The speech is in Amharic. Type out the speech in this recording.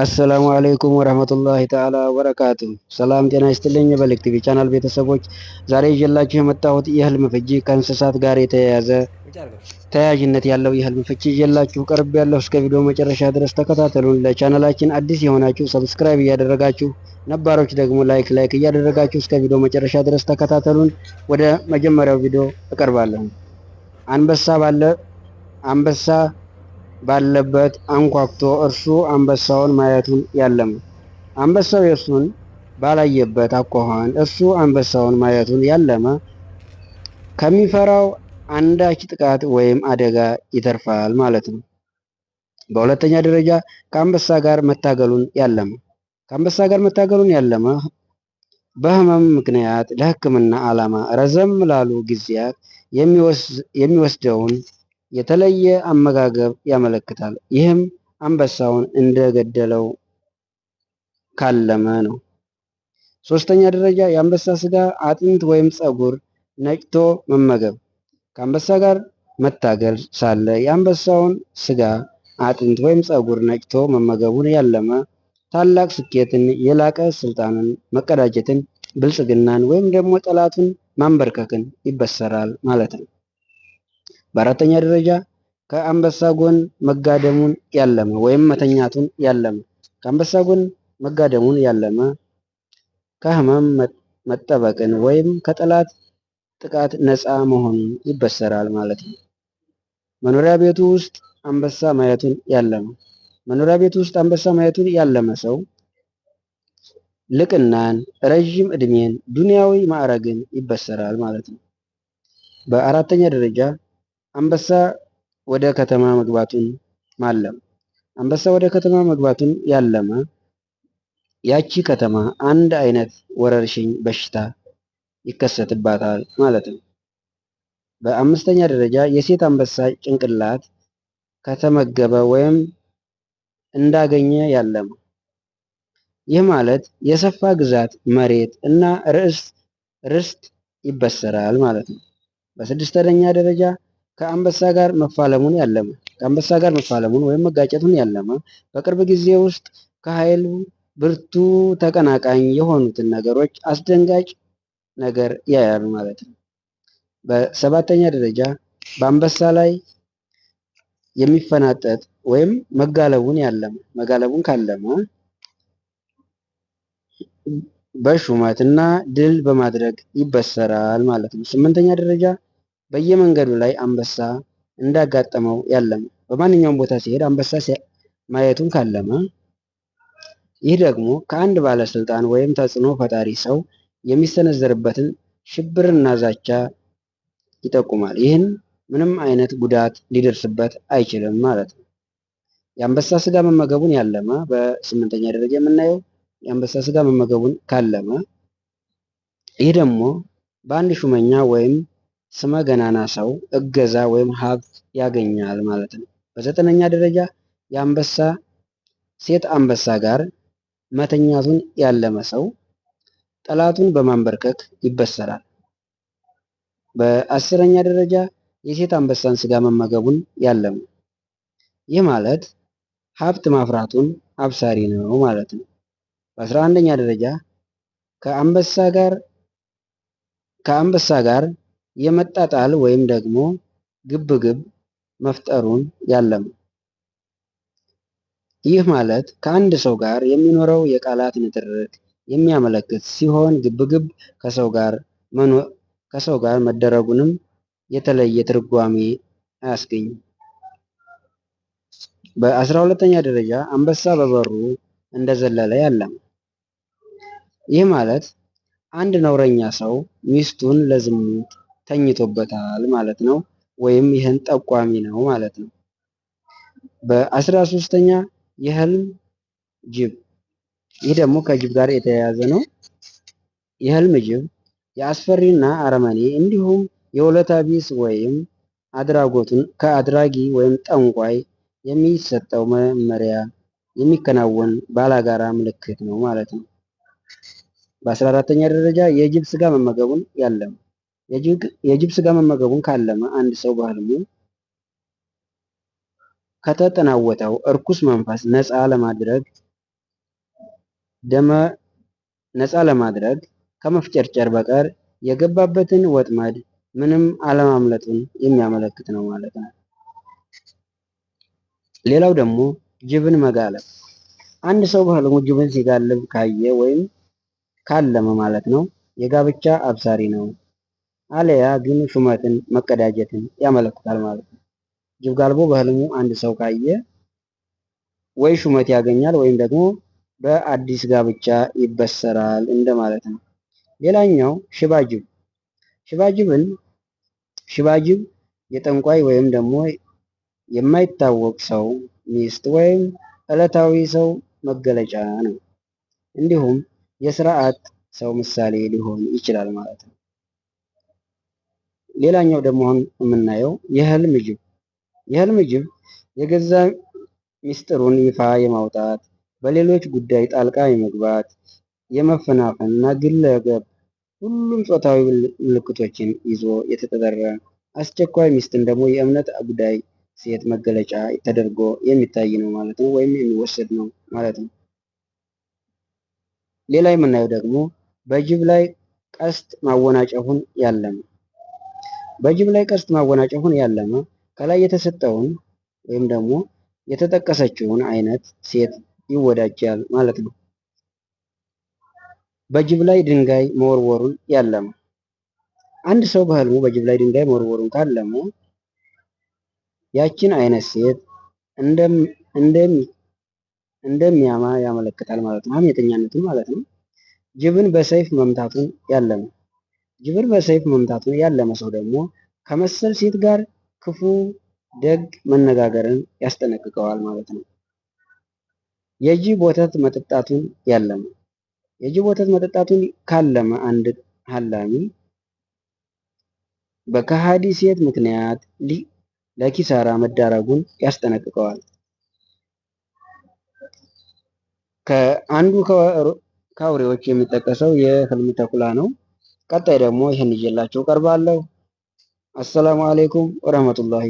አሰላሙ አለይኩም ወረህመቱላሂ ተዓላ ወበረካቱ። ሰላም ጤና ይስጥልኝ የበልግ ቲቪ ቻናል ቤተሰቦች፣ ዛሬ ይዤላችሁ የመጣሁት የህልም ፍቺ ከእንስሳት ጋር የተያያዘ ተያያዥነት ያለው የህልም ፍቺ ይዤላችሁ ቀርብ ያለሁ እስከ ቪዲዮ መጨረሻ ድረስ ተከታተሉን። ለቻናላችን አዲስ የሆናችሁ ሰብስክራይብ እያደረጋችሁ፣ ነባሮች ደግሞ ላይክ ላይክ እያደረጋችሁ እስከ ቪዲዮ መጨረሻ ድረስ ተከታተሉን። ወደ መጀመሪያው ቪዲዮ እቀርባለሁ። አንበሳ ባለ አንበሳ ባለበት አንኳኩቶ እርሱ አንበሳውን ማየቱን ያለም፣ አንበሳው የእርሱን ባላየበት አኳኋን እርሱ አንበሳውን ማየቱን ያለመ ከሚፈራው አንዳች ጥቃት ወይም አደጋ ይተርፋል ማለት ነው። በሁለተኛ ደረጃ ከአንበሳ ጋር መታገሉን ያለመ ከአንበሳ ጋር መታገሉን ያለመ በህመም ምክንያት ለሕክምና ዓላማ ረዘም ላሉ ጊዜያት የሚወስደውን የተለየ አመጋገብ ያመለክታል። ይህም አንበሳውን እንደገደለው ካለመ ነው። ሶስተኛ ደረጃ የአንበሳ ስጋ አጥንት ወይም ፀጉር ነጭቶ መመገብ። ከአንበሳ ጋር መታገል ሳለ የአንበሳውን ስጋ አጥንት ወይም ፀጉር ነጭቶ መመገቡን ያለመ ታላቅ ስኬትን፣ የላቀ ስልጣንን መቀዳጀትን፣ ብልጽግናን ወይም ደግሞ ጠላቱን ማንበርከክን ይበሰራል ማለት ነው። በአራተኛ ደረጃ ከአንበሳ ጎን መጋደሙን ያለመ ወይም መተኛቱን ያለመ ከአንበሳ ጎን መጋደሙን ያለመ ከህመም መጠበቅን ወይም ከጠላት ጥቃት ነፃ መሆኑን ይበሰራል ማለት ነው። መኖሪያ ቤቱ ውስጥ አንበሳ ማየቱን ያለመ መኖሪያ ቤቱ ውስጥ አንበሳ ማየቱን ያለመ ሰው ልቅናን፣ ረዥም እድሜን ዱንያዊ ማዕረግን ይበሰራል ማለት ነው። በአራተኛ ደረጃ አንበሳ ወደ ከተማ መግባቱን ማለም አንበሳ ወደ ከተማ መግባቱን ያለመ ያቺ ከተማ አንድ አይነት ወረርሽኝ በሽታ ይከሰትባታል ማለት ነው። በአምስተኛ ደረጃ የሴት አንበሳ ጭንቅላት ከተመገበ ወይም እንዳገኘ ያለመ ይህ ማለት የሰፋ ግዛት መሬት እና ርስት ይበሰራል ማለት ነው። በስድስተኛ ደረጃ ከአንበሳ ጋር መፋለሙን ያለመ ከአንበሳ ጋር መፋለሙን ወይም መጋጨቱን ያለመ በቅርብ ጊዜ ውስጥ ከኃይሉ ብርቱ ተቀናቃኝ የሆኑትን ነገሮች አስደንጋጭ ነገር ያያል ማለት ነው። በሰባተኛ ደረጃ በአንበሳ ላይ የሚፈናጠጥ ወይም መጋለቡን ያለመ መጋለቡን ካለመ በሹመትና ድል በማድረግ ይበሰራል ማለት ነው። ስምንተኛ ደረጃ በየመንገዱ ላይ አንበሳ እንዳጋጠመው ያለመ በማንኛውም ቦታ ሲሄድ አንበሳ ማየቱን ካለመ ይህ ደግሞ ከአንድ ባለስልጣን ወይም ተጽዕኖ ፈጣሪ ሰው የሚሰነዘርበትን ሽብርና ዛቻ ይጠቁማል። ይህን ምንም አይነት ጉዳት ሊደርስበት አይችልም ማለት ነው። የአንበሳ ስጋ መመገቡን ያለመ በስምንተኛ ደረጃ የምናየው የአንበሳ ስጋ መመገቡን ካለመ ይህ ደግሞ በአንድ ሹመኛ ወይም ስመ ገናና ሰው እገዛ ወይም ሀብት ያገኛል ማለት ነው። በዘጠነኛ ደረጃ የአንበሳ ሴት አንበሳ ጋር መተኛቱን ያለመ ሰው ጠላቱን በማንበርከክ ይበሰራል። በአስረኛ ደረጃ የሴት አንበሳን ስጋ መመገቡን ያለመ ይህ ማለት ሀብት ማፍራቱን አብሳሪ ነው ማለት ነው። በአስራ አንደኛ ደረጃ ከአንበሳ ጋር ከአንበሳ ጋር የመጣጣል ወይም ደግሞ ግብግብ መፍጠሩን ያለማል። ይህ ማለት ከአንድ ሰው ጋር የሚኖረው የቃላት ንትርክ የሚያመለክት ሲሆን ግብግብ ከሰው ጋር መደረጉንም የተለየ ትርጓሜ አያስገኝም። በአስራ ሁለተኛ ደረጃ አንበሳ በበሩ እንደዘለለ ያለማል። ይህ ማለት አንድ ነውረኛ ሰው ሚስቱን ለዝሙት ተኝቶበታል ማለት ነው፣ ወይም ይህን ጠቋሚ ነው ማለት ነው። በአስራ ሶስተኛ የህልም ጅብ። ይህ ደግሞ ከጅብ ጋር የተያያዘ ነው። የህልም ጅብ የአስፈሪና አረመኔ እንዲሁም የውለታ ቢስ ወይም አድራጎቱን ከአድራጊ ወይም ጠንቋይ የሚሰጠው መመሪያ የሚከናወን ባላጋራ ምልክት ነው ማለት ነው። በአስራ አራተኛ ደረጃ የጅብ ስጋ መመገቡን ያለም የጅብ ስጋ መመገቡን ካለመ አንድ ሰው በሕልሙ ከተጠናወተው እርኩስ መንፈስ ነፃ ለማድረግ ከመፍጨርጨር በቀር የገባበትን ወጥመድ ምንም አለማምለጡን የሚያመለክት ነው ማለት ነው። ሌላው ደግሞ ጅብን መጋለብ አንድ ሰው በሕልሙ ጅብን ሲጋልብ ካየ ወይም ካለመ ማለት ነው የጋብቻ አብሳሪ ነው። አለያ ግን ሹመትን መቀዳጀትን ያመለክታል ማለት ነው። ጅብ ጋልቦ በህልሙ አንድ ሰው ካየ ወይ ሹመት ያገኛል ወይም ደግሞ በአዲስ ጋብቻ ይበሰራል እንደማለት ነው። ሌላኛው ሽባጅብ ሽባጅብን ሽባጅብ የጠንቋይ ወይም ደግሞ የማይታወቅ ሰው ሚስት ወይም ዕለታዊ ሰው መገለጫ ነው። እንዲሁም የስርዓት ሰው ምሳሌ ሊሆን ይችላል ማለት ነው። ሌላኛው ደግሞ አሁን የምናየው የህልም ጅብ፣ የህልም ጅብ የገዛ ሚስጥሩን ይፋ የማውጣት በሌሎች ጉዳይ ጣልቃ የመግባት የመፈናፈን እና ግለገብ ሁሉም ጾታዊ ምልክቶችን ይዞ የተጠጠረ አስቸኳይ ሚስትን ደግሞ የእምነት ጉዳይ ሴት መገለጫ ተደርጎ የሚታይ ነው ማለት ነው፣ ወይም የሚወሰድ ነው ማለት ነው። ሌላ የምናየው ደግሞ በጅብ ላይ ቀስት ማወናጨፉን ያለ ነው። በጅብ ላይ ቀስት ማወናጨፉን ያለመ ከላይ የተሰጠውን ወይም ደግሞ የተጠቀሰችውን አይነት ሴት ይወዳጃል ማለት ነው። በጅብ ላይ ድንጋይ መወርወሩን ያለመ አንድ ሰው በህልሙ በጅብ ላይ ድንጋይ መወርወሩን ካለመ ያችን አይነት ሴት እንደሚያማ ያመለክታል ማለት ነው። ሀሜተኛነቱን ማለት ነው። ጅብን በሰይፍ መምታቱን ያለመ ጅብር በሰይፍ መምታቱን ያለመ ሰው ደግሞ ከመሰል ሴት ጋር ክፉ ደግ መነጋገርን ያስጠነቅቀዋል ማለት ነው። የጅብ ወተት መጠጣቱን ያለመ የጅብ ወተት መጠጣቱን ካለመ አንድ ሀላሚ በከሃዲ ሴት ምክንያት ለኪሳራ መዳረጉን ያስጠነቅቀዋል። ከአንዱ ከአውሬዎች የሚጠቀሰው የህልም ተኩላ ነው። ቀጣይ ደግሞ ይህን ይዤላችሁ እቀርባለሁ። አሰላሙ አሌይኩም ወረህመቱላሂ